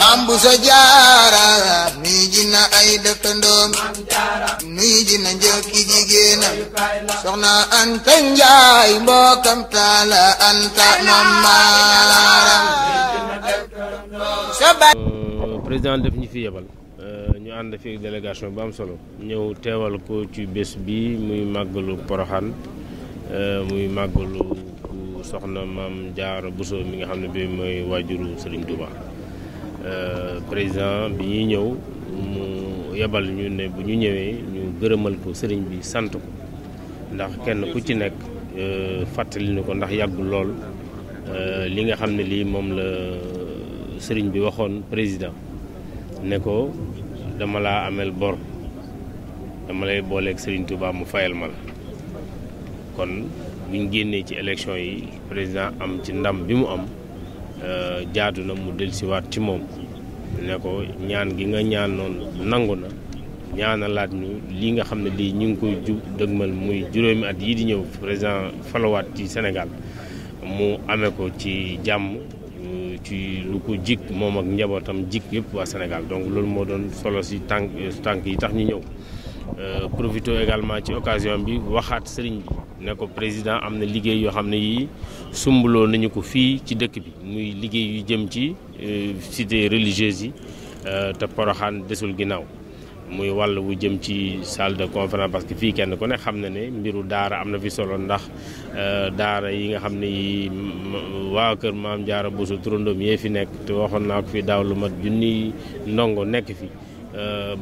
maam bu jaara nuy ji na ay dëkkandoom nuy ji na njëkki jigéenam soxna Anta Njaay mbokkam taala Anta maam maaram euh, président def ñu fi yebal euh, ñu ànd fi délégation bu am solo ñëw teewal ko ci bés bi muy màggalu Poroxaan euh, muy màggalu soxna maam jaara Bousso mi nga xam ne bi mooy waajuru Sëriñ Tuubaa Euh, président bi ñuy ñëw mu yebal ñu ne bu ñu ñëwee ñu gërëmal ko sëriñ bi sant ko ndax kenn ku ci nekk euh, fàttali ñu ko ndax yàggul lool euh, li nga xam ne lii moom la sëriñ bi waxoon président ne ko dama laa amel bor dama lay booleeg sëriñ Touba mu fayal ma la kon buñ génnee ci élection yi président am ci ndam bi mu am Euh, jaadu na mu dellusiwaat ci moom ne ko ñaan gi nga ñaan noonu nangu na ñaanalaat ñu lii nga xam ne lii ñu ngi koy ju dëgmal muy juróomi at yii di ñëw président falowaat ci Sénégal mu amee ko ci jàmm ci lu ko jik moom ak njabootam jik yëpp waa Sénégal donc loolu moo doon solo si tànk tànk yi tax ñu ñëw Euh, profito également ci occasion bi waxaat sëriñ bi ne ko président am na liggéey yoo xam ne yii sumbuloo nañu ko fii ci dëkk bi muy liggéey yu jëm ci euh, cité religieuse yi euh, te Porokhane desul ginnaaw muy wàll wu jëm ci salle de conférence parce que fii kenn ko ne xam na ne mbiru daara am na fi solo ndax daara yi nga xam ne yi waa kër maam jaara Bousso turandoom yee fi nekk te waxoon naa ko fi daaw lu mat junni ndongo nekk fi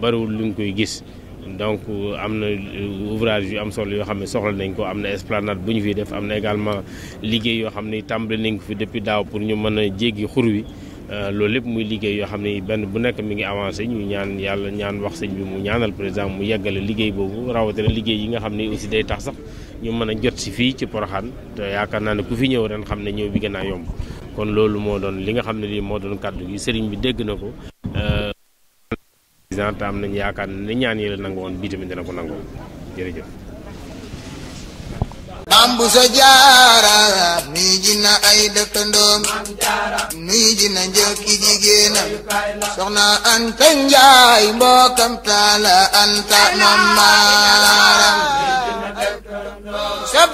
bariwul luñ koy gis donc euh, am na euh, ouvrage yu am solo yoo xam ne soxla nañ ko am na esplanade bu ñu fi def am na également liggéey yoo xam ne tàmbali nañ ko fi depuis daaw pour ñu mën a jéggi xur wi euh, loolu lépp muy liggéey yoo xam ne yi benn bu nekk mi ngi avancé ñu ñaan yàlla ñaan wax sëñ bi mu ñaanal président mu yeggale liggéey boobu rawatina liggéey yi nga xam ne aussi day tax sax ñu mën a jot si fii ci poroxaan te yaakaar naa ne ku fi ñëw ren xam ne ñëw bi gën a yomb kon loolu moo doon li nga xam ne lii moo doon kàddu gi sëriñ bi dégg na ko président te am ne ñaan yi la nangu woon bii tamit sa jaara nuy na ay dëkkandoom nuy ji na njëkki jigéenam soxna anta njaay mbokkam taala anta mam maaram